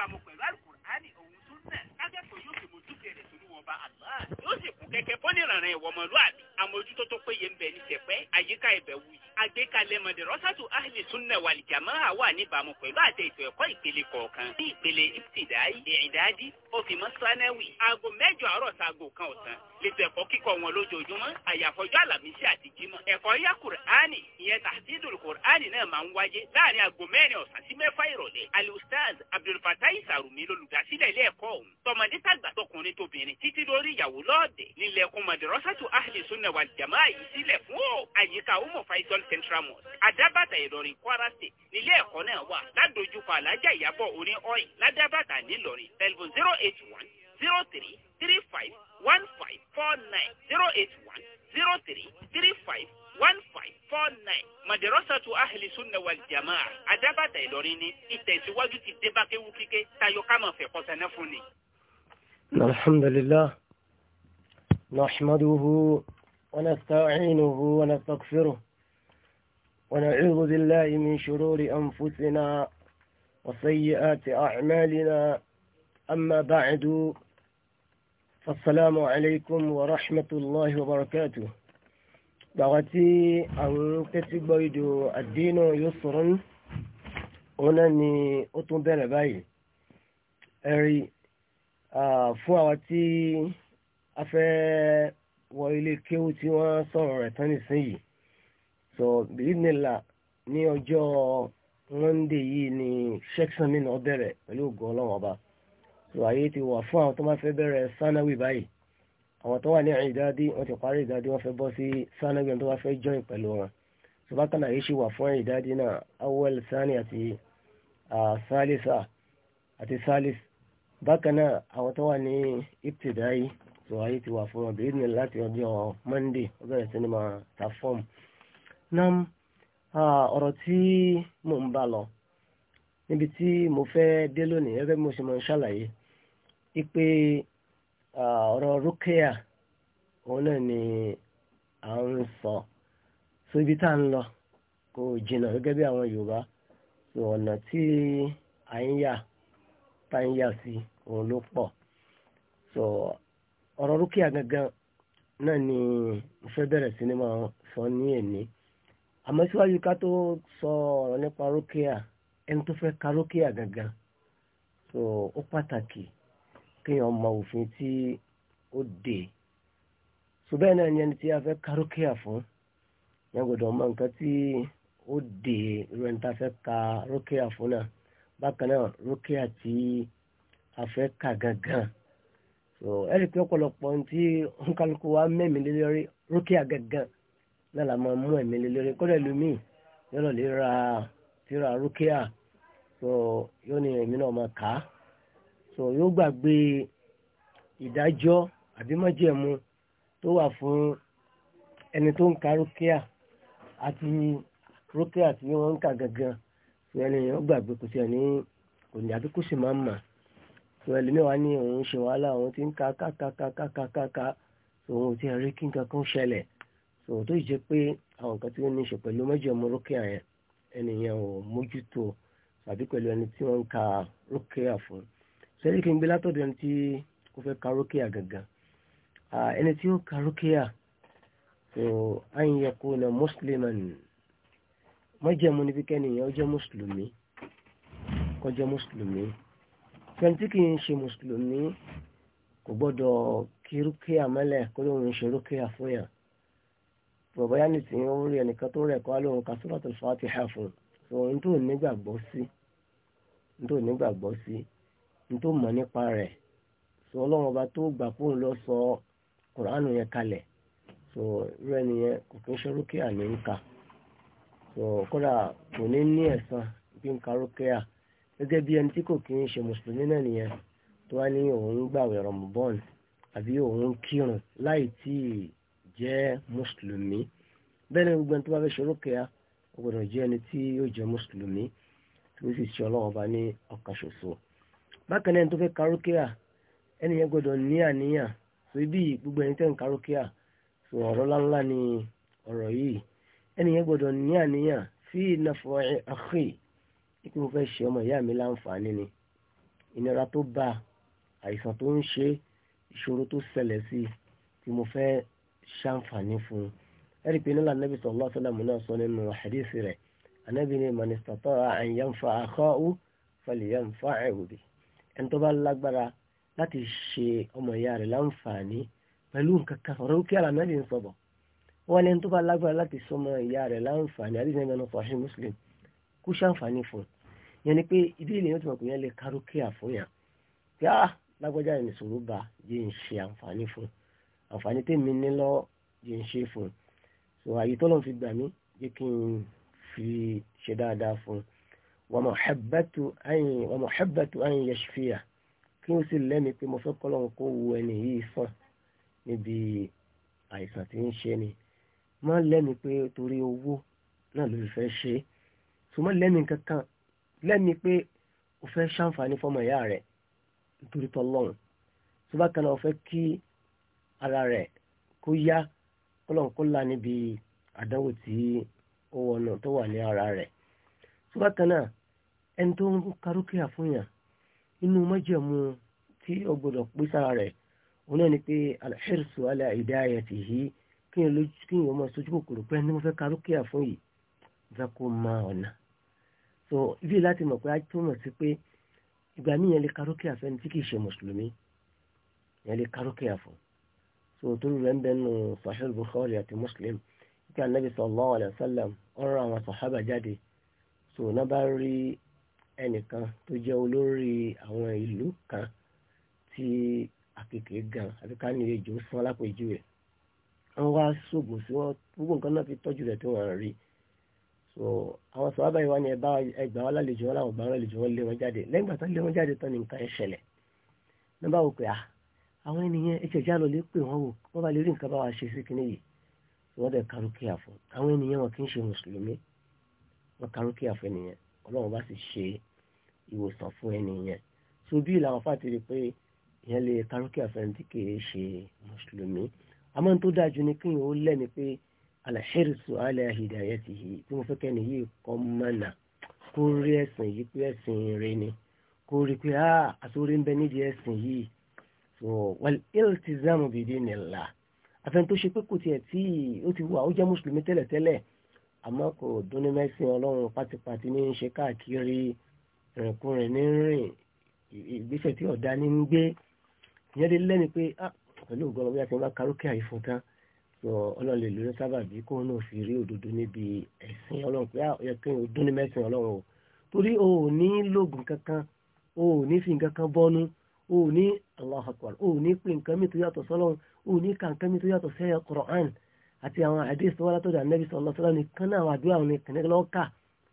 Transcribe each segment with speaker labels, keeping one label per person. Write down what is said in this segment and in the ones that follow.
Speaker 1: níbàámu pẹ̀lú alukur'ani òun sunna kákẹ́kọ̀ọ́ yóò fi mojúke rẹ̀ sórí wọn bá àlá yóò sì kú kẹ̀kẹ́ bọ́lẹ̀ ràn rẹ̀ wọ̀mọ̀lúàbí àmójútó tó péye ń bẹ ní sẹ̀pẹ́ àyíká ibẹ̀ wuyì àgbékalẹ̀ madrasatu ahli sunna wal jamaa wà níbàámu pẹ̀lú àtẹ ètò ẹ̀kọ́ ìpele kọ̀ọ̀kan ní ìpele ibtidai ìdádi òfìmọ̀ sanáwì aago mẹ́jọ àárọ̀ sago kan ọ̀sán lẹ́tọ̀ ẹ̀kọ́ kíkọ́ wọn lójoojúmọ́ àyàfọ́jọ́ àlàmísì àti jímọ̀ ẹ̀kọ́ yá kùránì ìyẹn tàdídùn kùránì náà máa ń wáyé láàrin aago mẹ́rin ọ̀sán sí mẹ́fà ìrọ̀lẹ́ alustaz abdulfatai sarumi lolùdásílẹ̀ ilé ẹ̀kọ́ ọ̀hún tọmọdé tàgbà tọkùnrin tóbìnrin títí lórí ìyàwó lọ́ọ̀dẹ̀ nílẹ̀kùn madrasatu ahli sunna wal jamaa yìí sílẹ̀ fún ọ àyíká umu faisal central mosque adabata ìlọrin kwara state nílé ẹ̀kọ́ náà wà ládojúkọ alájà ìyàbọ̀ orin oil ládàbàtà nílọrin telephone zero eight one zero three three five one five four nine zero eight one zero three three five one five four nine. madrasatu ahli sunna wal jamaa àdábàtà ìlọrin ni ìtẹ̀síwájú ti dé bá kéwú kíké tayo ká máa fẹ́ kọ́sánná fún ni.
Speaker 2: alhamdulillah nahmaduhu wa nasta'inuhu wa nastaghfiruh wa na'udhu billahi min shururi anfusina wa sayyiati a'malina amma ba'du. السلام عليكم ورحمة الله وبركاته دعوتي أن تتبعد الدين يسرا هنا ni ó tún bẹ̀rẹ̀ báyìí ẹ̀rí fún àwa tí a fẹ́ wọ ilé kéwú tí wọ́n sọ̀rọ̀ rẹ̀ tán nísìnyìí so bìrìnìlà ní ọjọ́ Monday yìí ni sheikh samin ọbẹ̀rẹ̀ pẹ̀lú ògùn ọlọ́wọ́n ọba so ayé ti wà fún àwọn tó máa fẹ́ bẹ̀rẹ̀ sanawi báyìí àwọn tó wà ní ìdádí wọ́n ti parí ìdádí wọ́n fẹ́ bọ́ sí sanawi tó bá fẹ́ join pẹ̀lú wọn so bákan náà yìí ṣe wà fún ìdádí náà awwal sani àti salisa àti salis bákan náà àwọn tó wà ní ibtidayi so ayé ti wà fún wọn bẹ́ẹ̀ ni láti ọjọ́ monday ó bẹ̀rẹ̀ sí ni máa ta fọ́ọ̀mù nam ọ̀rọ̀ tí mò ń bá lọ níbi tí mo fẹ́ dé lónìí gẹ́gẹ́ mo ṣe mọ̀ ṣàlàyé ipe ọ̀rọ̀ rúkìá òun náà ni à ń sọ so tá ń lọ kò jìnnà gẹ́gẹ́ bí àwọn yorùbá so ọ̀nà tí à ń yà tá ń yà so ọ̀rọ̀ gangan náà ni mo fẹ́ bẹ̀rẹ̀ ni máa sọ ní èní àmọ́ síwájú ká tó sọ ọ̀rọ̀ nípa ka gangan so ó pàtàkì. kéèyàn mọ òfin tí ó dè ṣùgbọ́n náà ni ẹni tí a fẹ́ kárókèyà fún yẹn gbọ́dọ̀ mọ nǹkan tí ó dè irú ẹni tá a fẹ́ ka rókèyà fún náà bákan náà rókèyà tí a fẹ́ kà gangan so ẹ̀rí pé ọ̀pọ̀lọpọ̀ ohun tí nkálukú wa mẹ́mi lé lórí rókèyà gangan náà la máa mú ẹ̀mí lé lórí kọ́dọ̀ ẹlòmíì yọ̀rọ̀ lè ra tíra rókèyà so yóò ní èmi náà máa kà á so yóò gbàgbé ìdájọ́ àbí májẹ̀mú tó wà fún ẹni tó ń ka rókíà àti rókíà tí wọ́n ń kà gangan so ẹni yóò gbàgbé kò sí ẹni kò ní àbí kò sì máa ń mà so ẹlòmíwàá ní òun ṣe wàhálà òun ti ń ka kákàkàkàkàkà so òun ti sẹ́rí kí n gbé látọ̀dọ̀ ẹni tí ó fẹ́ karókèà gangan ẹni tí ó karókèà tó ayẹyẹkọ na musliman mọ́jẹ̀mú níbi kẹ́niyàn ó jẹ́ mùsùlùmí kó jẹ́ mùsùlùmí fẹ́ni tí kì í ṣe mùsùlùmí kò gbọ́dọ̀ kí rúkèà mẹ́lẹ̀ kó lóun ń ṣe rúkèà fún yàn bọ̀bọ̀ yá ní tìyàn orí ẹnìkan tó rẹ̀ kọ́ lóun ka suratul fatiha fún un tó nígbàgbọ́ sí tó mọ̀ nípa rẹ̀ sọ ọlọ́run ọba tó gbà fóun lọ sọ kùránù yẹn kalẹ̀ sọ irú ẹni yẹn kò kí ń ṣe rúkìá ní ń ka sọ kódà kò ní ní ẹ̀san bí ń ka rúkìá gẹ́gẹ́ bí ẹni tí kò kí ń ṣe mùsùlùmí náà nìyẹn tó wá ní òun gbàwẹ̀ rọ̀mùbọ́n àbí òun kírun láì tí ì jẹ́ mùsùlùmí bẹ́ẹ̀ ni gbogbo ẹni tó bá fẹ́ ṣe rúkìá kò gbọdọ̀ jẹ́ ẹni tí yóò jẹ́ mùsùlùmí tó sì ṣe ọlọ́run ọba ní ọ̀kan ṣoṣo bákan náà tó fẹ́ karókèà ẹni yẹn gbọ́dọ̀ ní àníyàn so ibi gbogbo ẹni tẹ́ ń karókèà so ọ̀rọ̀ láńlá ni ọ̀rọ̀ yìí ẹni yẹn gbọ́dọ̀ ní àníyàn fi nàfọ̀ àkè ikú mo fẹ́ ṣe ọmọ ìyá mi láǹfààní ni ìnira tó bá àìsàn tó ń ṣe ìṣòro tó ṣẹlẹ̀ sí tí mo fẹ́ ṣàǹfààní fún un ẹ̀rí pé nílà nàbì sallallahu alaihi náà sọ nínú hadisi rẹ̀ anábì ni man istata'a an yanfa'a akhahu falyanfa'hu bihi ẹni tó bá lágbára láti ṣe ọmọ ìyá rẹ̀ láǹfààní pẹ̀lú nǹkan kan ọ̀rọ̀ kí àlànàbì ń sọ̀bọ̀ wọ́n lẹ́ni tó bá lágbára láti ṣe ọmọ ìyá rẹ̀ láǹfààní àdéhùn ẹgbẹ́ náà fàṣẹ muslim kó ṣàǹfààní fún un yẹn ni pé ibi ilé yẹn tó mọ̀ pé yẹn lè kárókè àfúnyà pé á ah, lágbájá ẹni sòrò bá yẹ ń ṣe àǹfààní fún àǹfààní tèmi so àyè tọ́lọ́ fi gbà fi ṣe dáadáa wọ́n mọ̀hẹ́bẹ̀tù àyìn yẹ̀ṣfìyà kí ó sì lẹ́mi pé mo fẹ́ kọ́lọ́n kó wo ẹni yìí sàn níbi àìsàn tí ń ṣe ni má lẹ́mi pé torí owó náà ló fẹ́ ṣe so má lẹ́mi kankan lẹ́mi pé o fẹ́ ṣàǹfààní fọmọ ìyá rẹ̀ nítorí tọ́lọ́run tó kan náà o fẹ́ kí ara rẹ̀ kó yá kọ́lọ́n kó là níbi àdánwò tí ó wọnà tó wà ní ara rẹ̀ tó kan náà ẹni tó ń karókìá fún yàn inú májẹ̀mú tí ó gbọ́dọ̀ pé sára rẹ̀ òun náà ni pé alhirsu ala hidayatihi kí n lójú kí n ọmọ sojú kòkòrò pé ẹni mo fẹ́ karókìá fún yìí fẹ́ kó ma ọ̀nà so ibi láti mọ̀ pé a túmọ̀ sí pé ìgbà míì yẹn lè karókìá fẹ́ni tí kì í ṣe mùsùlùmí yẹn lè karókìá fún so tó rẹ̀ ń bẹ nù Sahih Bukhari àti Muslim kí anabi sallallahu alayhi wa sallam ọ̀rọ̀ àwọn sàhábà so náà ẹnìkan tó jẹ́ olórí àwọn ìlú kan tí àkèké gan àti ká ní ejò fún alápèjúwe wọ́n wá ṣògùn sí wọn gbogbo nǹkan náà fi tọ́jú rẹ̀ tí wọ́n rí so àwọn sọ̀rọ̀ báyìí wá ní ẹgbà wọn lálejò wọn làwọn ọ̀gbàrún àlejò wọn lé wọn jáde lẹ́yìn ìgbà tó lé wọn jáde tán ní nǹkan ẹ̀ṣẹ̀lẹ̀ nígbà wò pé à àwọn ènìyàn ẹ̀jẹ̀ já lọ lé pé wọ́n wò wọ́n bá lè rí nǹkan bá wa ṣe sí kinní yìí wọ́n dẹ̀ kárúkìá fún àwọn ènìyàn wọn kì í ṣe mùsùlùmí wọ́n kárúkìá fún ènìyàn ọlọ́run bá sì ṣe ìwòsàn fún ẹnìyẹn so bí làwọn fà ti rí pé ìyẹn lè tarókè àfẹn tí kìí ṣe mùsùlùmí àmọ́ tó dájú ni kíyìn ó lẹ́ni pé alahirisu alahidayatihi tí mo fẹ́ kẹ́ni yìí kọ́ mọ́nà kó rí ẹ̀sìn yìí pé ẹ̀sìn rẹ ni kó rí pé a àtúrí ń bẹ nídìí ẹ̀sìn yìí so wal iltizamu bidinillah àfẹn tó ṣe pé kò tiẹ̀ tí ó ti wà ó jẹ́ mùsùlùmí tẹ́lẹ̀tẹ́lẹ̀ àmọ́ kò dún ní mẹ́sìn ọlọ́run pátípátí ní í ṣe káàkiri rìnkùnrin ní rìn ìgbésẹ̀ tí ọ̀dá ní ń gbé ìyẹn lè lẹ́ni pé ah, pẹ̀lú ògbọ́n ọ̀gbẹ́ àti wọn kárókè àìfún tán sọ ọlọ́run lè lórí sábà bí kó náà fi rí òdodo níbi ẹ̀sìn ọlọ́run pé ọ̀yẹ́ ah, kí o dún ní mẹ́sìn ọlọ́run o torí o ò ní lóògùn kankan o ò ní fi nǹkan kan bọ́nu o ò ní Allahu Akbar o ò ní pé nǹkan mi tó yàtọ̀ sọ́lọ́run o ò ní ka nǹkan mi tó yàtọ̀ sẹ́yìn Qur'an àti àwọn àdéhùn tó wá látọ̀dọ̀ Ànábì sallallahu alaihi wasallam nìkan náà àwọn àdúrà òun nìkan lọ́ọ́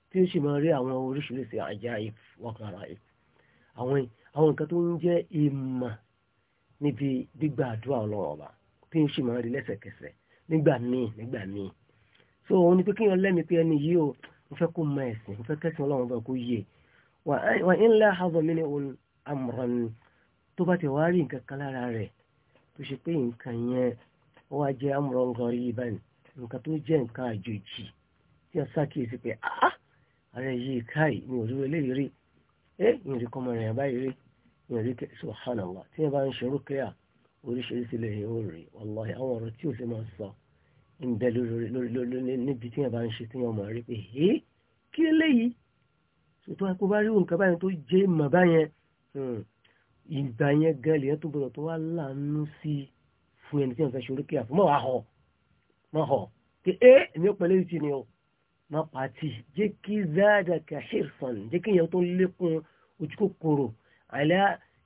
Speaker 2: tí ó sì máa rí àwọn oríṣiríṣi ajaib wa garaib àwọn àwọn nǹkan tó ń jẹ́ ìmọ̀ níbi gbígba àdúrà ọlọ́run ọba tí ó sì máa rí lẹ́sẹ̀kẹsẹ̀ nígbà míì nígbà míì so òun ni pé kí wọn lẹ́mìí pé ẹni yìí o mo fẹ́ kó mọ ẹ̀sìn mo fẹ́ kẹ́sìn ọlọ́run ọba kó yé wà ń lá àbọ̀ mi ní òun amran tó bá ti wá rí nǹkan kan lára rẹ̀ tó ṣe pé nǹkan yẹn ó wá jẹ́ amran gariban nǹkan tó jẹ́ nǹkan àjòjì tí a sákìyèsí pé ah ààrẹ yìí káì ní òru eléyìí rí ẹ ní òrí kọ́mọ rẹ̀ báyìí rí ní òrí subhanallah tí ẹ bá ń ṣerú kíá oríṣiríṣi lè ó rí wallahi àwọn ọ̀rọ̀ tí ò sì máa sọ ń bẹ lórí níbi tí ẹ bá ń ṣe tí wọn mọ̀ rí pé ẹ kí eléyìí tó ẹ kó bá rí nǹkan báyẹn tó jẹ́ ìmọ̀ báyẹn hmm, ìgbà yẹn gan lèyẹn tó gbọdọ̀ tó wá láàánú sí fún ẹni tí wọn fẹ́ ṣerú kíá fún mọ́ wàá họ mọ́ họ má pàtì jẹ́ kí záàdàkà hirsan jẹ́ kí èèyàn tó lékún ojúkòkòrò àlá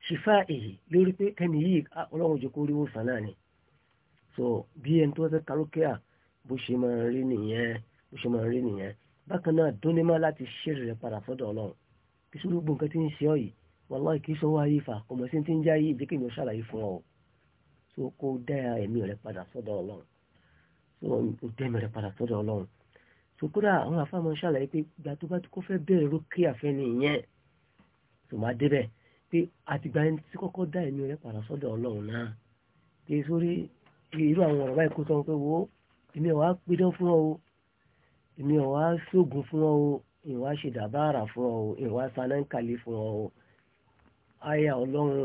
Speaker 2: ṣífà èyí lórí pé kẹ́ni yìí ọlọ́run jẹ́ kó rí wòsàn náà ni so bí ẹni tó fẹ́ kálókẹ́à bó ṣe máa rí nìyẹn bó ṣe máa rí nìyẹn bákan náà dónímọ̀ láti ṣèrè rẹ̀ padà fọ́dọ̀ ọlọ́run kí sórí gbogbo nǹkan tí ń ṣe ọ yìí wàláì kì í sọ wáyé fà ọmọ sí ti ń jáyé jẹ́ kí èèyàn ṣàlàyé fún ọ so kó dá ẹ̀mí rẹ̀ padà fọ́dọ̀ ọlọ́run so kó dá ẹ̀mí rẹ̀ padà fọ́dọ̀ ọlọ́run sòkúrà àwọn àfàmọ́ ṣàlàyé pé ìgbà tó bá tó kọ́ fẹ́ bẹ̀rẹ̀ rókè àfẹ́ni ìyẹn tó máa débẹ̀ pé àtìgbà ẹni tí kọ́kọ́ dá ẹ̀mí rẹ̀ padà sọ́dọ̀ ọlọ́run náà pé sórí irú àwọn ọ̀rọ̀ báyìí kó sọ pé wo èmi ọ̀ wá pidán fún ọ o èmi ọ̀ wá ṣoògùn fún ọ o ìwà ṣèdàbára fún ọ o ìwà sanáńkàlẹ̀ fún ọ o àyà ọlọ́run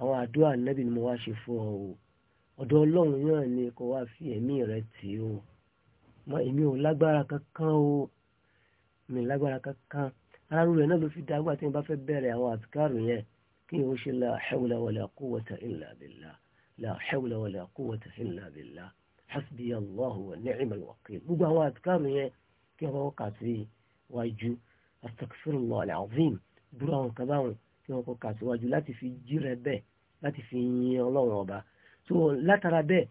Speaker 2: àwọn àdúrà nẹ́bí ni mo wá ṣe fún ọ o ọ̀dọ̀ ọlọ́run náà ni kò wá fi ẹ̀mí rẹ̀ tì í o mọ èmi ò lágbára kankan o mi lágbára kankan aráàlú rẹ̀ náà ló fi dá agbára tí wọ́n bá fẹ́ bẹ̀rẹ̀ àwọn àtikáàrò yẹn kí wọ́n ṣe la hawla wala quwwata illa billah la hawla wala quwwata illa billah hasbi allahu wa ni'mal wakil gbogbo àwọn àtikáàrò yẹn kí wọ́n kà sí wájú astaghfirullah alazim dúró àwọn kan báwọn kí wọ́n kọ́ kà wájú láti fi jí rẹ láti fi yin ọlọ́run ọba so látara bẹ́ẹ̀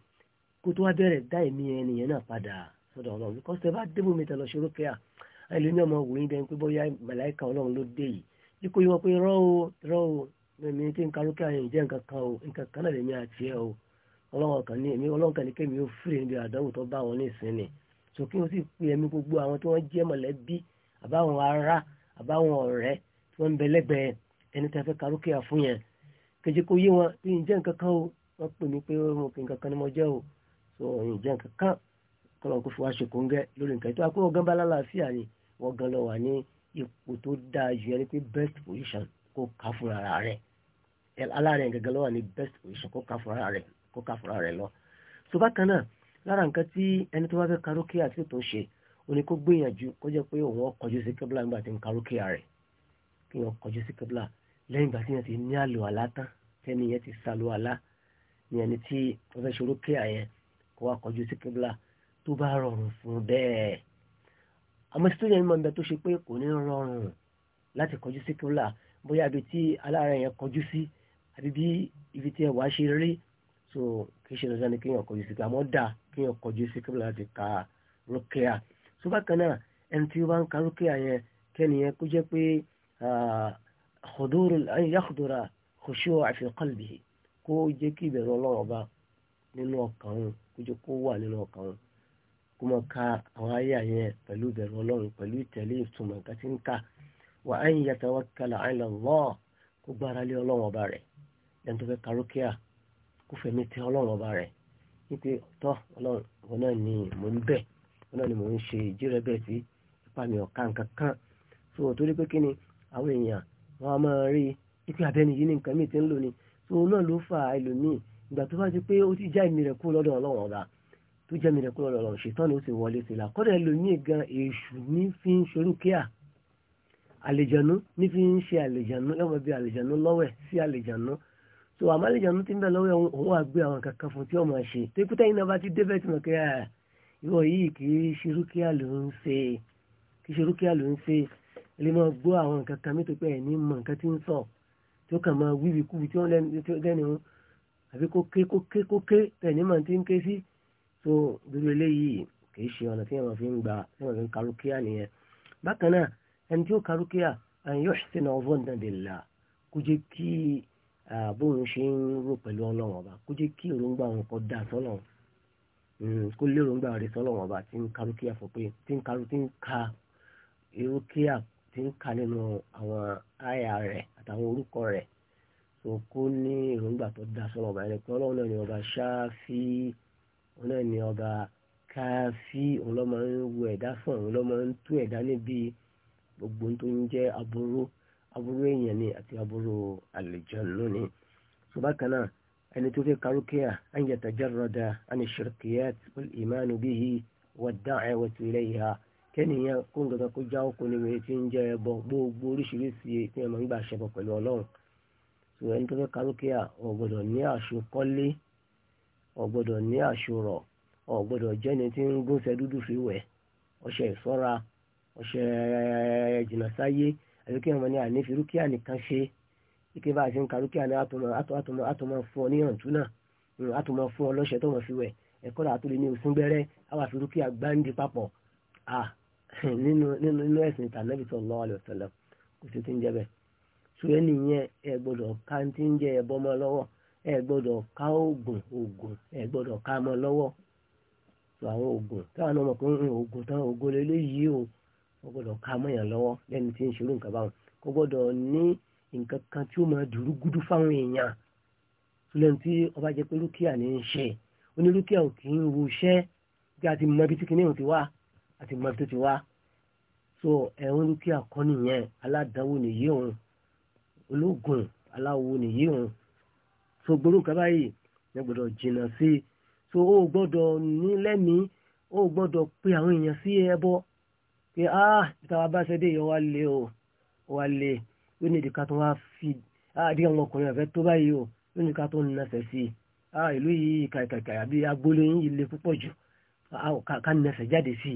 Speaker 2: kó tó wá bẹ̀rẹ̀ dá ẹ̀mí ẹnìyẹn náà padà sọ́dọ̀ ọlọ́run bíkọ́ tẹ bá débò mi tẹ lọ ṣe rúkẹ́à ẹlòmí ọmọ wòyìn dẹni pé bóyá màláìka ọlọ́run ló dé yìí yíkó yíwọ́ pé rọ́ o rọ́ o mi tí nǹkan rúkẹ́à yẹn jẹ́ nǹkan kan o nǹkan kan náà lèmi àti ẹ o ọlọ́run kan ní èmi ọlọ́run kan ní kémi ó fìrè níbi àdánwò tó bá wọn ní ìsinmi so kí wọ́n sì pe ẹ̀mí gbogbo àwọn tí wọ́n jẹ́ mọ̀lẹ́bí àbáwọn ará àbáwọn ọ̀rẹ́ tí wọ́n ń bẹ lẹ́gbẹ̀ẹ́ ẹni tẹ́ fẹ́ karúkẹ́à fún yẹn kejì kó yé wọn pé nǹkan kan o wọ́n pè mí pé wọ́n kì nǹkan kan ni mo jẹ́ o so ǹjẹ́ nǹkan kan kọ́lọ̀ kó fi wá ṣe kóńgẹ́ lórí nǹkan ètò àkúrò gan bá lálàáfíà ni wọ́n gan lọ wà ní ipò tó dáa jù ẹni pé best position kó ká fúnra rẹ̀ alárẹ̀ gẹ́gẹ́ ló wà ní best position kó ká fúnra rẹ̀ kó ká fúnra rẹ̀ lọ. so bákan náà lára nǹkan tí ẹni tó bá fẹ́ karókè àti tó ń ṣe ó ní kó gbìyànjú kó jẹ́ pé òun ọkọ̀jú sí kẹ́bílà nígbà tí ń karókè rẹ̀ kí wọ́n kọjú sí kẹ́bílà lẹ́yìn ìgbà tí yẹn ti ní àlò àlá tán tẹ́ni ti sàlù àlá ni ẹni tí wọ́n fẹ́ ṣorókè àyẹn kó wá kọjú sí kẹ́bílà tó bá rọrùn fún bẹ́ẹ̀ àmọ́ sítóyà ní mọ̀nbẹ tó ṣe pé kò ní rọrùn láti kọjú sí kíbla bóyá ibi tí alára yẹn kọjú sí àbí bí ibi tí ẹwà ṣe rí so kì í ṣe lọ́sàn-án ni kéèyàn kọjú sí kíbla àmọ́ dáa kéèyàn kọjú sí kíbla láti ka rókèá so bákan náà ẹni tí ó bá ń ka rókèá yẹn kẹ́ni yẹn kó jẹ́ pé yàkùdúrà khushu'a fi kó jẹ́ kí ìbẹ̀rù ọlọ́run ọba nínú ọkàn kó jẹ́ kó wà nínú ọkàn kó mọ ka àwọn ayé yẹn pẹ̀lú ìbẹ̀rù ọlọ́run pẹ̀lú ìtẹ̀lé ìtumọ̀ nǹkan tí ń kà wa an yatawakkala ala Allah kó gbára lé ọlọ́run ọba rẹ̀ lẹ́nu tó fẹ́ karókíà kó fẹ̀mí tẹ ọlọ́run ọba rẹ̀ wípé tọ́ ọlọ́run wọn náà ni mò ń bẹ̀ wọn náà ni mò ń ṣe ìjírẹ́bẹ̀ sí ipa mi ọ̀ka nǹkan so torí pé kí ni àwọn èèyàn wọn a máa rí ipe abẹ́ni yìí ní nǹkan míì ti ń lò ní so náà ló fa ẹlòmíì ìgbà tó bá ti pé ó ti já ìmí rẹ̀ kú lọ́dọ̀ ọlọ́run ọba tó jẹ́ mi rẹ̀ kúrò lọ́rọ̀ ṣètọ́ ni ó sì wọlé sí la kọ́dà ẹlòmíì gan èṣù ní fi ń ṣorúkíà àlejànú ní fi ń ṣe àlejànú lọ́wọ́ bí àlejànú lọ́wẹ̀ sí àlejànú tó àmọ́ àlejànú ti ń bẹ̀ lọ́wọ́ òun wà gbé àwọn kankan fún tí ó máa ṣe tó kúta yìí náà bá ti débẹ̀ tí mo kẹ́ ẹ̀ ìwọ yìí kì í ṣerúkíà ló ń ṣe kì í ṣerúkíà ló ń ṣe ilé àbí kó ké kó ké kó ké ẹ̀ ní mọ̀ tí ń ké sí so dúró eléyìí kìí ṣe ọ̀nà tí wọ́n fi ń gba tí wọ́n fi ń karukia nìyẹn bákan náà ẹni tí ó karukia ẹni yóò ṣe náà ọvọ́ nàdìlá kó jẹ́ kí bóun ṣe ń rò pẹ̀lú ọlọ́run ọba kó jẹ́ kí èròǹgbà òun kọ́ da sọ́lọ́run hmm, kó lérò ń gbà rẹ ọba tí ń karukia fún pé tí ń karu tí ka erukia tí ń ka nínú àwọn àyà rẹ àtàwọn orúkọ rẹ so kó ní èròǹgbà tó da sọ́lọ́run ọba ẹni pé ọlọ́run náà ni ọba ṣáá fi í òun náà ni ọba káfí òun ló máa ń wo ẹ̀dá fún òun ló máa ń tú ẹ̀dá níbi gbogbo tó ń jẹ́ aburú aburú èèyàn ni àti aburú àlùjànnú ni so bákan náà ẹni tó fẹ́ karókèá an yatajarrada ani shirkiyat wal imanu bihi wad da'watu ilayha kẹ́nìyàn kó ń gàgà kó já ọkùn níbi tí ń jẹ́ ẹbọ gbogbo oríṣiríṣi tí ẹ máa ń gbà ṣẹbọ pẹ̀lú ọlọ́run so ẹni tó fẹ́ karókèá ò gbọ́dọ̀ ní àṣokọ́lé ọ̀gbọ́dọ̀ ní àṣùrọ̀ ọgbọdọ jẹni tí ń gúnṣẹ́ dúdú fi wẹ ọṣẹ ìṣọ́ra ọṣẹ jìnnà sáyé àyọkẹ́ wọn ànífi rúkìá nìkan ṣe ike bá a ṣe ń ka rúkìá ní àtọmọ fún ọ níyànjú náà àtọmọ hmm, fún ọ lọ́ṣẹ tó fi rà tó ní òsín gbẹ́rẹ́ àwọn àfi rúkìá gbáǹdì papọ̀ à nínú kò sí ti ń jẹ ṣùgbọ́n ẹ gbọ́dọ̀ ká oògùn oògùn ẹ gbọ́dọ̀ ká mọ́ lọ́wọ́ tó àwọn oògùn táwọn ọmọ kan ń oògùn táwọn oògùn eléyìí o wọ́n gbọ́dọ̀ ká mọ́yàn lọ́wọ́ lẹ́ni tí ń ṣerú nǹkan báwọn kò gbọ́dọ̀ ní nǹkan kan tí ó máa dùrú gúdú fáwọn èèyàn lẹ́nu tí ọba jẹ́ pé rúkìá ní í ṣe onírúkìá ò kì í ru iṣẹ́ bí a ti mọ ibi tí kìnìún ti wá a ti mọ ibi tó ti wá so ẹ̀hún rúkìá kọ́ nìyẹn aládàáwò nìyí òun ológun aláwo nìyí òun so gbóró kaba yìí ẹ gbọ́dọ̀ jìnnà sí i so ó gbọ́dọ̀ ní lẹ́mìí ó gbọ́dọ̀ pe àwọn èèyàn sí ẹbọ pé ah ìtawà bá ṣe dé yọ wá lé o wá lé ó ní ìdíkà tó wá fi ah ìdíkà àwọn ọkùnrin ọ̀fẹ́ tó báyìí o ó ní ìdíkà tó ń nẹsẹ̀ sí i ah ìlú yìí kàkàkà àbí agboolé yìí le púpọ̀ jù ká nẹsẹ̀ jáde sí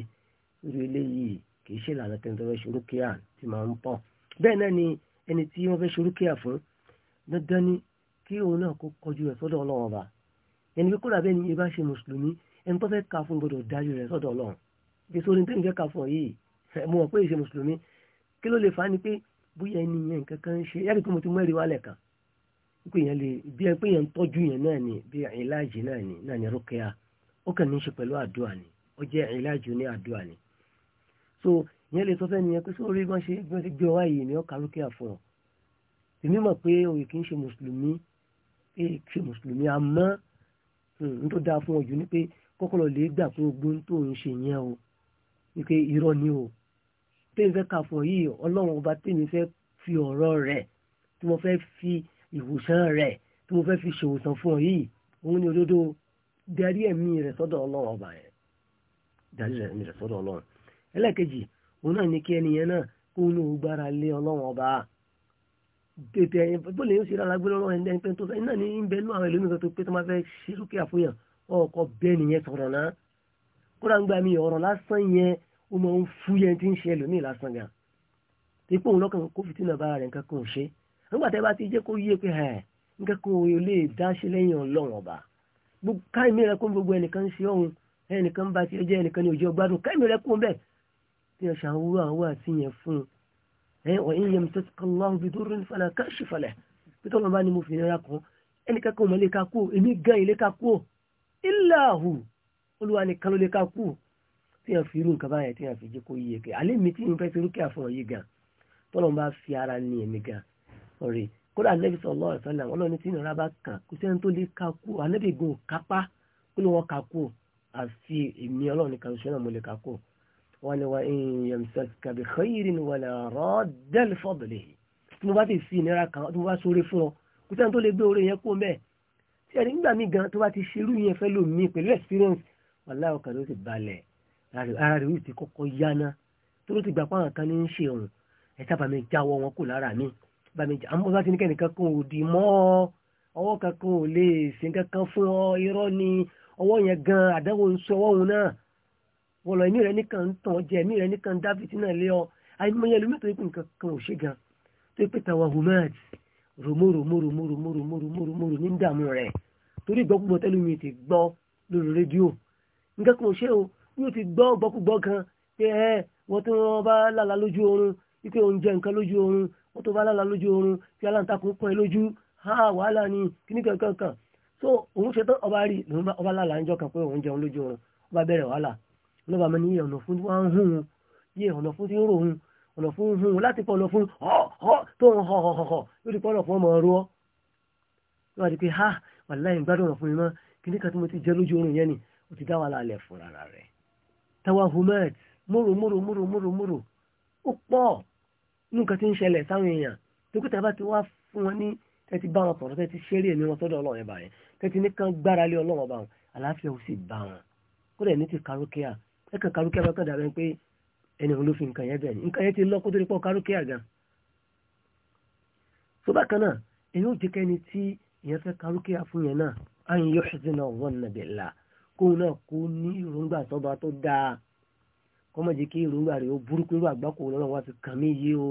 Speaker 2: i irú ilé yìí kì í ṣe ìlànà tẹ̀sán fẹ́ ṣorúkẹ́à tí máa ń pọ̀ bẹ́ẹ̀ náà ni ẹni tí wọ́n fẹ́ ṣorúkẹ́à fún dandan ni kí òun náà kó kọjú rẹ̀ sọ́dọ̀ ọlọ́run ọba ẹni pé kódà bẹ́ẹ̀ ni ibà ṣe mùsùlùmí ẹni tó fẹ́ ka fún gbọdọ̀ dájú rẹ̀ sọ́dọ̀ ọlọ́run bí sórí tí nìkẹ́ ka fún ọ yìí mo mọ̀ pé ìṣe mùsùlùmí kí ló lè fà ni pé bóyá ẹni yẹn nǹkan kan ṣe yàrá ìpè mo ti mú ẹ̀rí wálẹ̀ kan pé yẹn lè bí ẹ pé yẹn ń yẹn náà ni bí ìlàjì náà ni náà ni rúkẹ́yà ó kàn ní í ṣe pẹ̀lú àdúrà ni ó jẹ́ ìlàjì ní àdúrà ni so yẹn lè sọ fẹ́ ni yẹn pé sórí bí wọ́n ṣe gbé wáyé ni ó ka rúkẹ́yà fún ọ èmi mọ̀ pé òye kì í ṣe mùsùlùmí èèkì mùsùlùmí àmọ́ hmm, n tó dáa fún ọjọ́ ni pé kọ́kọ́rọ́ lè gbà fún ogun tó ń ṣe yẹn o wípé irọ́ ni o tẹ́mi fẹ́ kà fún ọ yìí ọlọ́run ọba tẹ́mi fẹ́ fi ọ̀rọ̀ rẹ̀ tí mo fẹ́ fi ìwòsàn rẹ̀ tí mo fẹ́ fi ṣòwòsàn fún ọ yìí òun ni òdodo darí ẹ̀mí rẹ̀ sọ́dọ̀ ọlọ́run ọba yẹn darí ẹ̀mí rẹ̀ sọ́dọ̀ ọlọ́run ẹlẹ́ẹ̀kejì òun náà ní kí ẹnìyẹn náà kó ní òun lé ọlọ́run ọba tètè ẹ̀yìn bóòlù yóò ṣe ra alágbé lọ́rọ́ ẹni ẹni pé tó fẹ́ iná ní ń bẹ nú àwọn ẹlòmíì kan tó pé tó máa fẹ́ ṣe lókè àfọyàn ọkọ̀ bẹ́ẹ̀ nìyẹn sọ̀rọ̀ náà kódà ń gba mi ọ̀rọ̀ lásán yẹn ó máa ń fú yẹn tí ń ṣe ẹlòmíì lásán gan tí pòun lọ́kàn kó fìtínà bá rẹ̀ nǹkan kan ò ṣe nígbà tẹ́ bá ti jẹ́ kó yé pé ẹ̀ nǹkan kan ò lè dá ṣe lẹ́yìn ọlọ́run ọba káìmí rẹ kún gbogbo ẹnìkan ṣe ọ̀hún ẹnìkan bá ti jẹ́ ẹnìkan ní òjò gbádùn káìmí rẹ kún bẹ́ẹ̀ tí ẹ ṣàwọn owó àwọn àti yẹn fún un وإن يمسسك الله بضر فلا كاشف له bí tọ́lọ́ bá ní mo fi ìrẹ́ra kan ẹnìkankan ò mọ̀ lè ka kú èmi gan ilé ka kú illa hu olúwa nìkan ló lè ka kú tí yàn fi irú nǹkan báyẹn tí yàn fi jẹ́ kó yíye kẹ́ alẹ́ mi tí mo fẹ́ fi rúkẹ́ àfọ̀rọ̀ yìí gan tọ́lọ́ bá fi ara ní èmi gan ọ̀rẹ́ kódà Ànábì sallallahu alaihi wasallam ọlọ́ni tí ìnira bá kàn kò sẹ́ni tó lè ka kú Ànábì gan kápá ó ní wọ́n ka kú àfi èmi ọlọ́run nìkan ṣe náà mo lè ka kú wọ́n ní wa in yamsaska bi khairin wala radda li fadlihi tí mo bá ti fi ìnira kan tí mo bá sóore fún ọ kò sẹ́ni tó lè gbé oore yẹn kó mẹ́ẹ̀ tí ẹni nígbà míì gan tó bá ti ṣerú yẹn fẹ́ lò pẹ̀lú experience wàlá ọkàn ló ti balẹ̀ ara rẹ̀ yóò ti kọ́kọ́ yáná tó ló ti gbà pàrọ̀ kan ní í ṣe òun ẹ̀ta bàmí jáwọ́ wọn kò lára mi bàmí jà àmọ́ bá ti ní kẹ́nìkan kan ò dì mọ́ ọwọ́ kankan ò lè ṣe kankan fún ọ irọ́ ni ọwọ́ yẹn gan àdáwò ń wọ̀lọ̀ ẹ̀mí rẹ̀ nìkan ń tàn jẹ ẹ̀mí rẹ̀ nìkan dábìtì náà lé ọ àìmọye ẹlòmíì tó yẹ pé nǹkan kan ò ṣe gan tó yẹ pé tàwa humat ròmòròmòròmòròmòròmòròmòrò ní dààmú rẹ̀ torí gbọ́kúgbọ́ tẹ́lómi ti gbọ́ lórí rédíò nǹkan kan ò ṣe o yóò ti gbọ́ gbọ́kúgbọ́ kan pé ẹ wọ́n tí wọ́n bá lálà lójú oorun ha wàhálà ni kíní kankan kan so òun ṣe tán ọba rí ọba lálà ń jọ kan ọlọ́ba mi ní ọ̀nà fún wa ń hún un yé ọ̀nà fún ti ń rò hun ọ̀nà fún hun un láti pọ̀ ọ̀nà fún họ́ tó ń họ́ họ́ họ́ yóò di pọ̀ fún ọmọ ọ̀rọ̀ ọ́ wọ́n ti pé ha wàláhì gbádùn ọ̀nà fún mi mọ́ kíní kan tí mo ti jẹ́ lójú oorun yẹn ni o ti dá wa lálẹ́ fún ara rẹ̀ tawa humet múrò múrò múrò múrò múrò ó pọ̀ nǹkan tí ń ṣẹlẹ̀ sáwọn èèyàn dókítà bá ti wá fún wọn ní tẹ́tí bá wọn sọ̀rọ̀ tẹ́tí ṣeré ẹ̀mí wọn sọ́dọ̀ ọlọ́run ẹ̀ báyẹn tẹ́tí nìkan gbára lé ọlọ́run ọba wọn àlàáfíà ó sì bá wọn kó dẹ̀ ní ti karókè à ẹ kàn kárúkẹ́ bá kàn dàbẹ́ pé ẹni òun ló fi nǹkan yẹn bẹ̀ ni nǹkan yẹn ti lọ kó tó ní pọ̀ kárúkẹ́ àga. tó bá kan náà èyí ò jẹ́ kẹ́ni tí ìyẹn fẹ́ kárúkẹ́ fún yẹn náà àyìn yóò ṣe sínú ọ̀wọ́n nàbẹ̀ là kóun náà kó ní ìròǹgbà sọ́ba tó dáa kọ́mọ̀ jẹ́ kí ìròǹgbà rẹ̀ ó burúkú irú àgbákò lọ́nà wá ti kàn mí yé o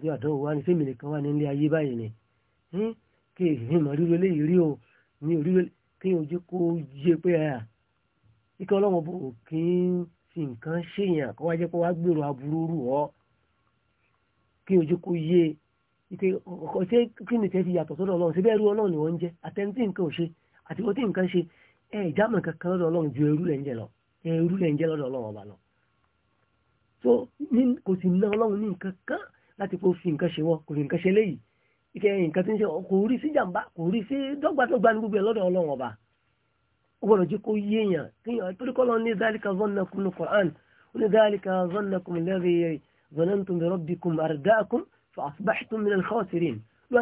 Speaker 2: bí àdánwò wá ní fíìmì nìkan wá nílé ayé báyìí ni kí o ní orí kéèyàn ojú ike ọlọ́run bò kí n fi nǹkan ṣèyàn kó wá jẹ́ kó wá gbèrò aburú rù ọ́ kí ojú kó yé ike ọkọ ṣé kí ni tẹ́ fi yàtọ̀ sọ́dọ̀ ọlọ́run síbẹ̀ ẹrú ọlọ́run ni wọ́n ń jẹ́ àtẹnudí nǹkan ò ṣe àti wọ́n tí nǹkan ṣe ẹ ìjámọ̀ kankan lọ́dọ̀ ọlọ́run ju ẹrú lẹ́ ń jẹ lọ ẹrú lẹ́ ń jẹ lọ́dọ̀ ọlọ́run ọba lọ. so kò sì ná ọlọ́run ní nǹkan kan láti kó fi nǹkan ṣe wọ́ kò fi nǹkan ṣe léyìí ike nǹkan tí ń ṣe kò rí sí jàǹbá kò rí sí dọ́gbadọ́gba ní gbogbo ẹ̀ lọ́dọ̀ ọlọ́run ọba ó gbọ́dọ̀ jẹ́ kó yéèyàn kéèyàn torí kọ́ lọ ní dhalika zannakum ní Qur'an ó ní dhalika zannakum alladhi zanantum bi rabbikum arda'akum fa asbahtum min ló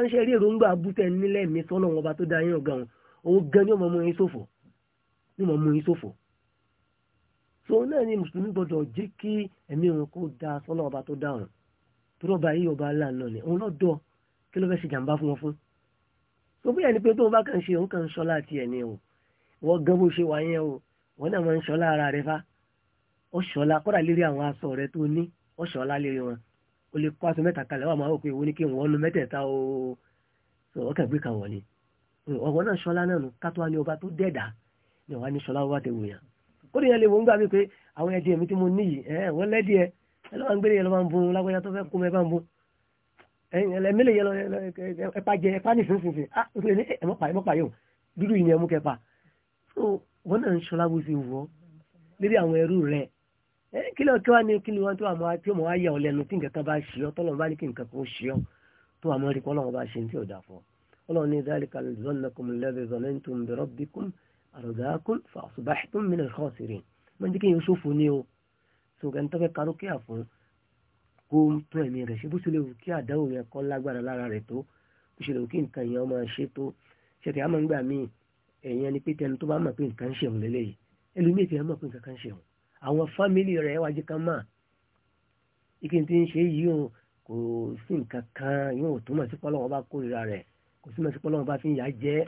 Speaker 2: ń ṣe rí èròǹgbà abúté nílẹ̀ mi sọ́nà ọba tó dá yín ọ̀gá wọn òun gan ni ọmọ mú yín ṣòfò ni ọmọ mú yín ṣòfò so náà ni mùsùlùmí gbọ́dọ̀ jẹ́ kí ẹ̀mí wọn kó da sọ́nà ọba tó dá tó rọ́bà yí ọba wọ́n gán bó ṣe wà yẹn o wọ́n náà máa ń ṣọ́lá ara rẹ fa ó ṣọ́lá kódà lérí àwọn aṣọ rẹ tó ní ó ṣọ́lá lérí wọn o lè kó aṣọ mẹ́ta kalẹ̀ wà máa wò pé òun ní kí wọ́n nu mẹ́tẹ̀ẹ̀ta o wọ́n kàn gbé kan wọ̀lé ọ̀wọ́n náà ṣọ́lá náà nù kátó wá ní ọba tó dẹ̀dà ni wọ́n á ní ṣọ́lá wá tẹ̀ wò yàn kódà yẹn lè wọ́n gbà mí pé àwọn ẹ̀dí ẹ̀mí tí mo ní yìí ẹ̀ wọ́n lẹ́dí ah ẹ̀mọ́pàá ẹ̀mọ́pàá yóò dúdú yìí ni so wọn náà ń ṣọlá bó ṣe wọ lórí àwọn ẹrú rẹ kí ló kí wá ní kí ló wọn tó àmọ́ tí ó mọ wá yà ọ lẹ́nu tí nǹkan kan bá ṣe ọ tọlọ́run bá ní kí nǹkan kan ṣe ọ tó àmọ́ rí kọ́ lọ́wọ́ bá ṣe ní tí ò dà fún ọ ọlọ́run ní dhalika zannakum alladhi zannantum bi rabbikum ardaakum fa asbahtum min al-khasirin ń jẹ́ kí èèyàn ṣòfò ní o ṣùgbọ́n tó fẹ́ karó kíà fún kó tó ẹ̀mí rẹ̀ ṣe bó ṣe lè wù kí àdáwò yẹn kọ́ lágbára lára rẹ̀ tó bó ṣe lè wù kí nǹkan yẹn ọmọ ṣe ń gbà ẹ̀yìn ẹni pé tẹnu tó bá mọ̀ pé nǹkan ń ṣẹ̀wọ̀n lélẹ́yìí ẹlòmíì tí ẹ mọ̀ pé nǹkan kan ṣẹ̀wọ̀n àwọn fámìlì rẹ̀ wájú kan mà ike tí ń ṣe yìí o kò sí nǹkan kan yóò tó mọ̀ sí pọ́lọ́wọ́ bá kórìíra rẹ̀ kò sí mọ̀ sí pọ́lọ́wọ́ bá fi ń yà jẹ́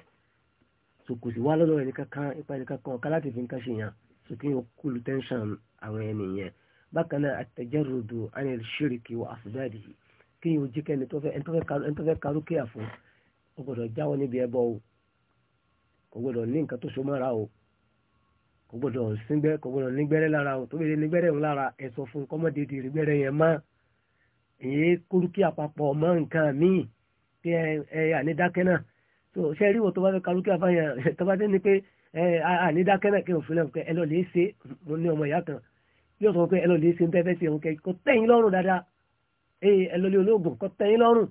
Speaker 2: so kò sí wá lọ́dọ̀ ẹni kankan ipa ẹni ọ̀ká láti fi nǹkan ṣe yàn so kí n àwọn ẹni bákan náà àtẹ̀jẹ́rọ̀dọ̀ anil ṣíríkì wà àfúdàdì kí n yóò kẹ́ni tó fẹ́ karókè àfún ó jáwọ́ níbi ẹbọ o kò gbọdọ̀ ní nǹkan tó so mọ́ra o kò gbọdọ̀ síngbẹ́ kò gbọdọ̀ nígbẹ́rẹ́ lára o tó bẹ̀rẹ̀ nígbẹ́rẹ́ ń lára ẹ̀sọ́ fún kọ́mọdédé rígbẹ́rẹ́ yẹn mọ́ èyí kúrúkí àpapọ̀ mọ́ nǹkan míì kí ẹ ẹ ànídákẹ́ náà tó ṣe rí wo tó bá fẹ́ karúkí àfáyàn tó bá dé ni pé ẹ ànídákẹ́ náà kí n fún ẹ lọ lè ṣe mo ní ọmọ ìyá kan yóò sọ pé ẹ lọ lè ṣe ń tẹ́ fẹ́ ṣe òun kẹ́ kó tẹ́yìn lọ́rùn dáadáa ẹ lọ lè olóògùn kó tẹ́yìn lọ́rùn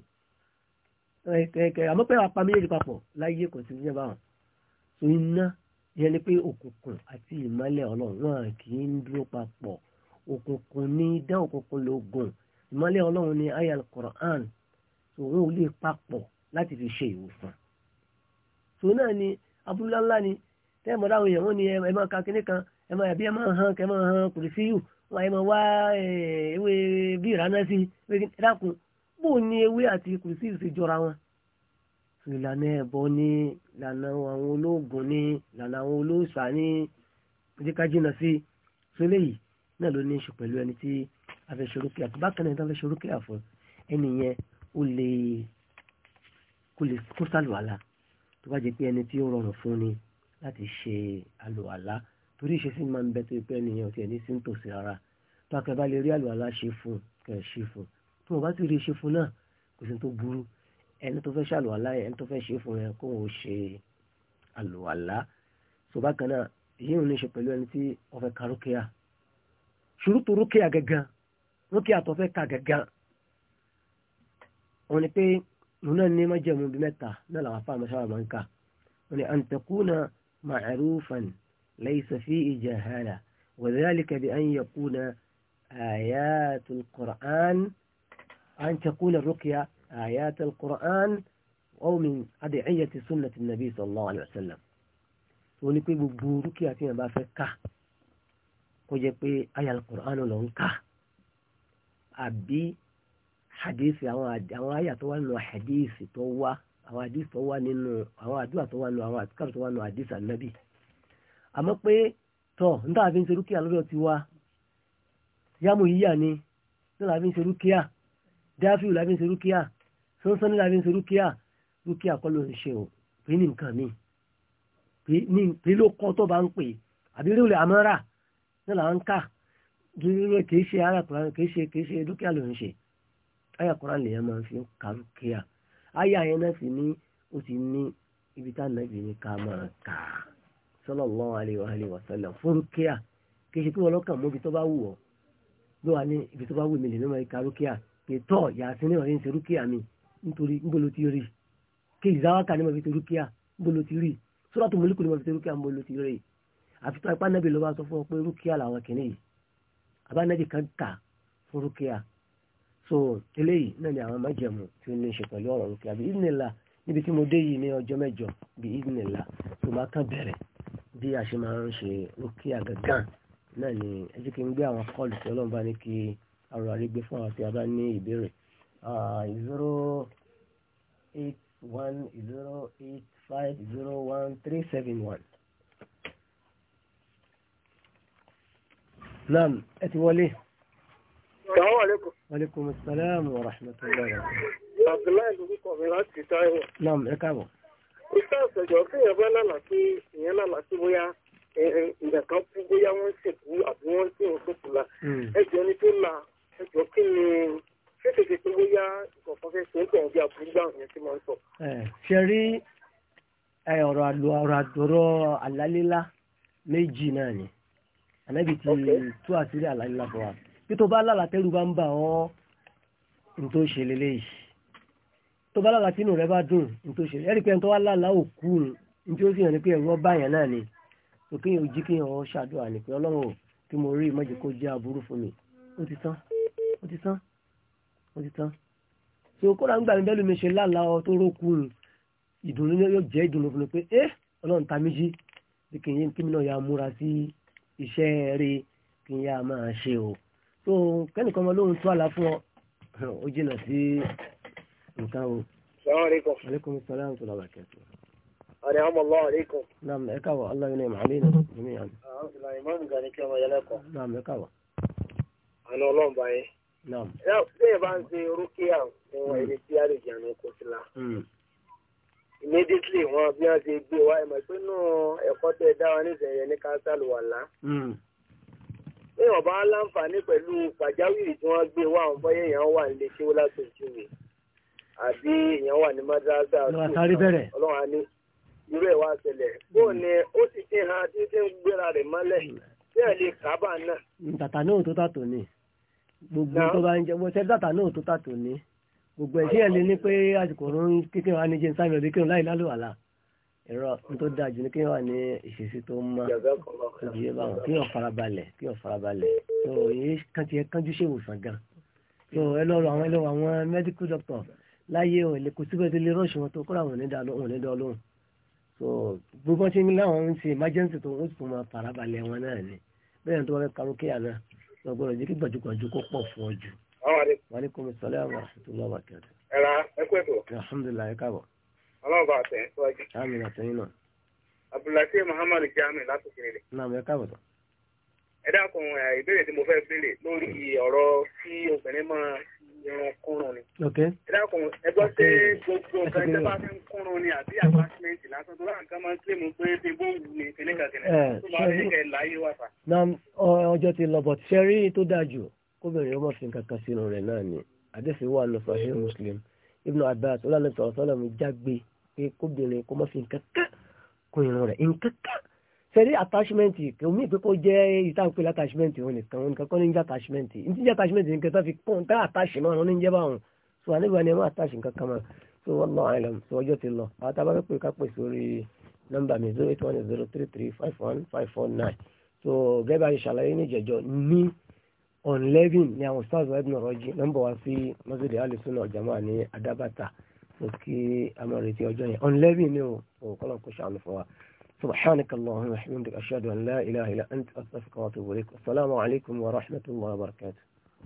Speaker 2: àmọ́ pé àpamẹ́yẹ́dì papọ̀ láyé kò sí ní ẹ báwọn. so iná yẹn ni pé òkùnkùn àti ìmọ́lẹ̀ ọlọ́run wọn kì í dúró papọ̀ òkùnkùn ní dá òkùnkùn lóògùn ìmọ́lẹ̀ ọlọ́run ní ayal so ò lè papọ̀ láti fi ṣe ìwòsàn so náà ni abúláńlá ni tẹ́ẹ̀mọ́ dáhùn yẹn wọ́n ni ẹ máa ka kinní kan ẹ máa yàbí ẹ máa hàn kẹ máa hàn kùrì sí yù wọn ẹ máa wá ewé bí ìrànà sí dákun ewé àti wọn ìlànà ẹ̀bọ ni. lànà àwọn olóògùn ní lànà àwọn olóòṣà ní jíkájínà sí sólè yìí náà ló ní í ṣe pẹ̀lú ẹni tí a fẹ́ ṣorúkẹ́ àti bákan náà fẹ́ ṣorúkẹ́ àfọ ẹni yẹn ó lè kó lè kó sàlùwàlà tó bá jẹ pé ẹni tí ó rọrùn fún ni láti ṣe àlùwàlà torí ìṣesí máa ń bẹ tó pé ẹni yẹn ò tiẹ̀ ní sí ń tòsí rárá tó akẹ́ lè rí àlùwàlà ṣe fún kẹ̀ ṣe fún tó o bá ti rí ṣe fún náà kò sí tó burú ẹni tó fẹ́ ṣàlùwàlá yẹn ẹni tó fẹ́ ṣe fún yẹn kó o ṣe àlùwàlá so bákan náà èyí ò ní ṣe pẹ̀lú ẹni tí wọ́n fẹ́ ka rúkìá ṣùrùtù rúkìá gangan rúkìá tó fẹ́ ka gangan wọn ni pé òun náà ní májẹ̀mú bíi mẹ́ta náà làwọn afáàmọ́ sábà máa ń kà wọn ni àǹtẹ̀kùnà ma'rufan laysa fihi jahala wa dhalika an yakuna ayatul Qur'an an rúkìá. آيات القرآن أو من أدعية سنة النبي صلى الله عليه وسلم wọ́n ní pé gbogbo dúkìá tí wọ́n bá fẹ́ ká kó jẹ́ pé àyà alukur'an ló ń ká àbí hadithi àwọn àwọn àyà tó wà nínú hadithi tó wà àwọn hadithi tó wà nínú àwọn àdúrà tó wà nínú àwọn àtikàrò tó wà nínú hadithi ànábì àmọ́ pé tọ̀ níta àfi ń ṣe dúkìá lọ́dọ̀ ti wá yámù yíyà ni níta àfi ń ṣe dúkìá dáfíù làfi ń ṣe dúkìá sọ́nsọ́n nílá bí ń ṣe rúkíà rúkíà kọ́ ló ń ṣe o pé ní nǹkan mi pé ló kọ́ tó bá ń pè àbí rírò àmọ́ra náà là ń kà rírò kìí ṣe ara kùrán kìí ṣe kìí ṣe rúkíà ló ń ṣe aya kùrán lèèyàn máa fi ka rúkíà aya yẹn náà sì ní ó ti ní ibi tá nàbì ní ká máa kà á sallallahu alaihi wa sallam fún rúkíà kìí ṣe kí wọn lọ́kàn mú ibi tó bá wù ọ́ ló wà ní ibi tó bá wù mí lè ní wọn ká rúkíà pé tọ́ yàtí ní ọ̀rẹ́ ń ṣe rúkíà mi nítorí nbolo ti rí kejì záwákà ní ma fi ti rúkìá nbolo ti rí suratul mulku ní ma fi ti rúkìá nbolo ti rí àfi tó apá nàbì lọ́wọ́ sọ fún ọ pé rúkìá làwọn kìnìún yìí àbánàbì kan kà fún rúkìá so eléyìí náà ni àwọn májẹ̀mú tí ó ní ṣe pẹ̀lú ọ̀rọ̀ rúkìá bí ìdínlá níbi tí mo dé yìí ní ọjọ́ mẹ́jọ bí ìdínlá tó máa kàn bẹ̀rẹ̀ bí a ṣe máa ń ṣe rúkìá gangan náà ni ẹ jẹ́ kí n gbé àwọn kọ́ọ̀lù tí ọlọ́run bá ní kí ọ̀rọ̀ àrígbé fún àwọn tí a bá ní ìbéèrè 0244 zero eight one zero eight five zero one three seven one. naam ẹ ti wọlé. Assalamu alaikum. Wa alaikum assalam wa rahmatullahi wa barakatuh. Abdullahi lórúkọ mi láti Táíwò. Naam, ẹ káàbọ̀. Iṣẹ́ ìṣẹ̀jọ́ kí èèyàn bá lálàá sí ìyẹn lálàá sí bóyá ìyẹn kan kú bóyá wọ́n ń ṣèkú àbí wọ́n ń ṣe òṣòfò la. Hmm. Ẹjọ́ ni tó la ẹjọ́ kí ni kéṣèṣe pé bóyá ìkọ̀kan fẹ́ ṣe é pẹ̀lú bí aburú gbà yẹn ti máa ń sọ. ṣe rí ọ̀rọ̀ àlọ́ ọ̀rọ̀ àdọ̀rọ̀ àlálélá méjì náà ni ànábì ti tú àṣírí àlálélá fún wa bí tó bá lálàá tẹ́rù bá ń bà ọ́ ní tó ṣe leléyìí tó bá lálàá tínú rẹ bá dùn ní tó ṣe ẹ̀rí pé tó wá lálàá òkú ní tí ó sì hàn ní pé ẹ̀rọ báyàn náà ni òkèèyàn ojí kéèyàn ṣàdúrà ní pé ọlọ́run tí mo rí ìmọ̀jẹ̀kọ́ jẹ́ aburú fún mi ó ti tán ó ti tán wọ́n ti tán so kódà ń gbà mí bẹ́lú mi ṣe láláwọ tó rókù ìdùnnú yóò jẹ́ ìdùnnú fún mi pé ẹ́ eh, ọlọ́run ta méjì bí kì í yé kí mi náà ya múra sí iṣẹ́ eré kí n yá máa ṣe o so kẹ́nìkan ọmọ lóhun tó àlá fún ọ ó jìnà sí nǹkan o. salaamaleykum. aleykum salaam wa rahmatulah. أنعم الله عليكم نعم إكوا الله ينعم علينا جميعا نعم إمام قال كما يلاكم نعم إكوا أنا bẹ́ẹ̀ bá ń ṣe rúkìá ìwọ̀n ẹni hmm. tí a lè jàǹdà kò hmm.
Speaker 1: immediately wọn bí wọn ṣe gbé wa ẹ mọ̀ pé nù ẹ̀kọ́ tẹ dá wa nísìnyẹn ní kánsálù wà lá hmm. pé wọn bá láǹfààní pẹ̀lú pàjáwìrì tí wọ́n gbé wa àwọn bọ́yẹ̀ èèyàn wà nílé kí wọ́n láti ojú mi àbí
Speaker 2: èèyàn wà ní madrasa ọlọ́run á irú ẹ̀ wá ṣẹlẹ̀ bóò ni ó
Speaker 1: sì ti hàn tí ń gbéra rẹ̀ mọ́lẹ̀ bẹ́ẹ̀ lè kábà náà.
Speaker 2: tàtà náà tó tàtò ni gbogbo tó bá ń jẹ wọ́n ṣe dátà náà tó tà tó ní gbogbo ẹ̀ sí ẹ̀ lé ní pé àsìkò òun kékeré wa ní jẹ́ sáyẹn ọdún kéwọn láì lálù àlà ẹ̀rọ tó dáa jù ní kéwọn wà ní ìṣesí tó ń mọ ìyẹ báwọn kéwọn farabalẹ̀ kéwọn farabalẹ̀ tó yẹ kán ti kánjú ṣe ìwòsàn gan tó ẹ lọ́rọ̀ àwọn ẹlẹ́wọ̀ àwọn medical doctor láyé òun lè kó síbẹ̀ tó lè rọ́ọ̀ṣì wọn tó kọ́ra òun ní dá lóhùn so gbogbo ṣe ń láwọn ń emergency tó ń tún máa farabalẹ̀ ni bẹ́ẹ̀ ni tó wọ́n fẹ́ ọgbọ́dọ̀ jẹ́ kí gbajúgbajú kó pọ̀ fún ọ jù. wàlíkùn sọlẹ́ àwọn àṣetúlọ́ wà kẹ́rẹ́.
Speaker 1: ẹ̀rọ ẹ̀kú ẹ̀kọ́.
Speaker 2: alhamdulilayi ẹ káàbọ̀.
Speaker 1: ọlọ́run bá tẹ̀ síwájú.
Speaker 2: àmì àtẹ̀yìn náà.
Speaker 1: abdulasi muhammadu jami láti kiri.
Speaker 2: nàmú ẹ káàbọ̀ tán.
Speaker 1: ẹ dákun ìbéèrè tí mo fẹ́ béèrè lórí ọ̀rọ̀ tí obìnrin máa irun kúrun ni. ẹ dákun ẹ gbọ́ pé gbogbo nǹkan tẹ́ bá fi ni àbí àpáṣmẹ́ǹtì lásán tó láǹkan máa ń pè mú pé bí bó wù ní kìnnìkàkìnnì tó máa rí kẹ́ láyé wà fà.
Speaker 2: ọjọ́ ti lọ bọ̀ ṣe rí tó dáa jù kóbìnrin ọmọ fi nǹkan kan sínú rẹ̀ náà ni àdéhùn wà lọ Sahih Muslim Ibn Abbas ọlọ́run sọ̀rọ̀ sọ́lọ́ mi jágbe pé kóbìnrin kó mọ́ fi nǹkan kan kún irun rẹ̀ nǹkan kan sẹ́rí àtàṣmẹ́ǹtì omi ìpínkó jẹ́ ìtàǹpẹ̀lẹ̀ àtàṣmẹ́ǹtì òun nìkan òun nìkan kọ́ ní jẹ́ àtàṣmẹ́ǹtì ní jẹ́ àtàṣmẹ́ǹtì nìkan tó fi kún tá àtàṣ náà ní jẹ́ báwọn so àníbàá ni ẹ máa àtàṣ nǹkan kan máa so wallahu a'lam so ọjọ́ ti lọ àwọn tábà pé ká pè sórí nọ́mbà mi zero eight one zero three three five one five four nine so gẹ́gẹ́ bá a ṣe ṣàlàyé ní ìjẹ́jọ́ ní onlevin ni àwọn stars wa ibùdó ọ̀rọ̀ jí nọ́mbà wa sí mọ́sídẹ̀ẹ́ alẹ́sùn náà jàmọ́ ní adábàtà òkè amọ̀rètí ọjọ́ yẹn onlevin ni ò kọ́lọ̀ kó ṣàánú fún wa subhanaka allahumma wa bihamdika ashhadu an la ilaha illa anta astaghfiruka wa atubu ilaik assalamu alaikum wa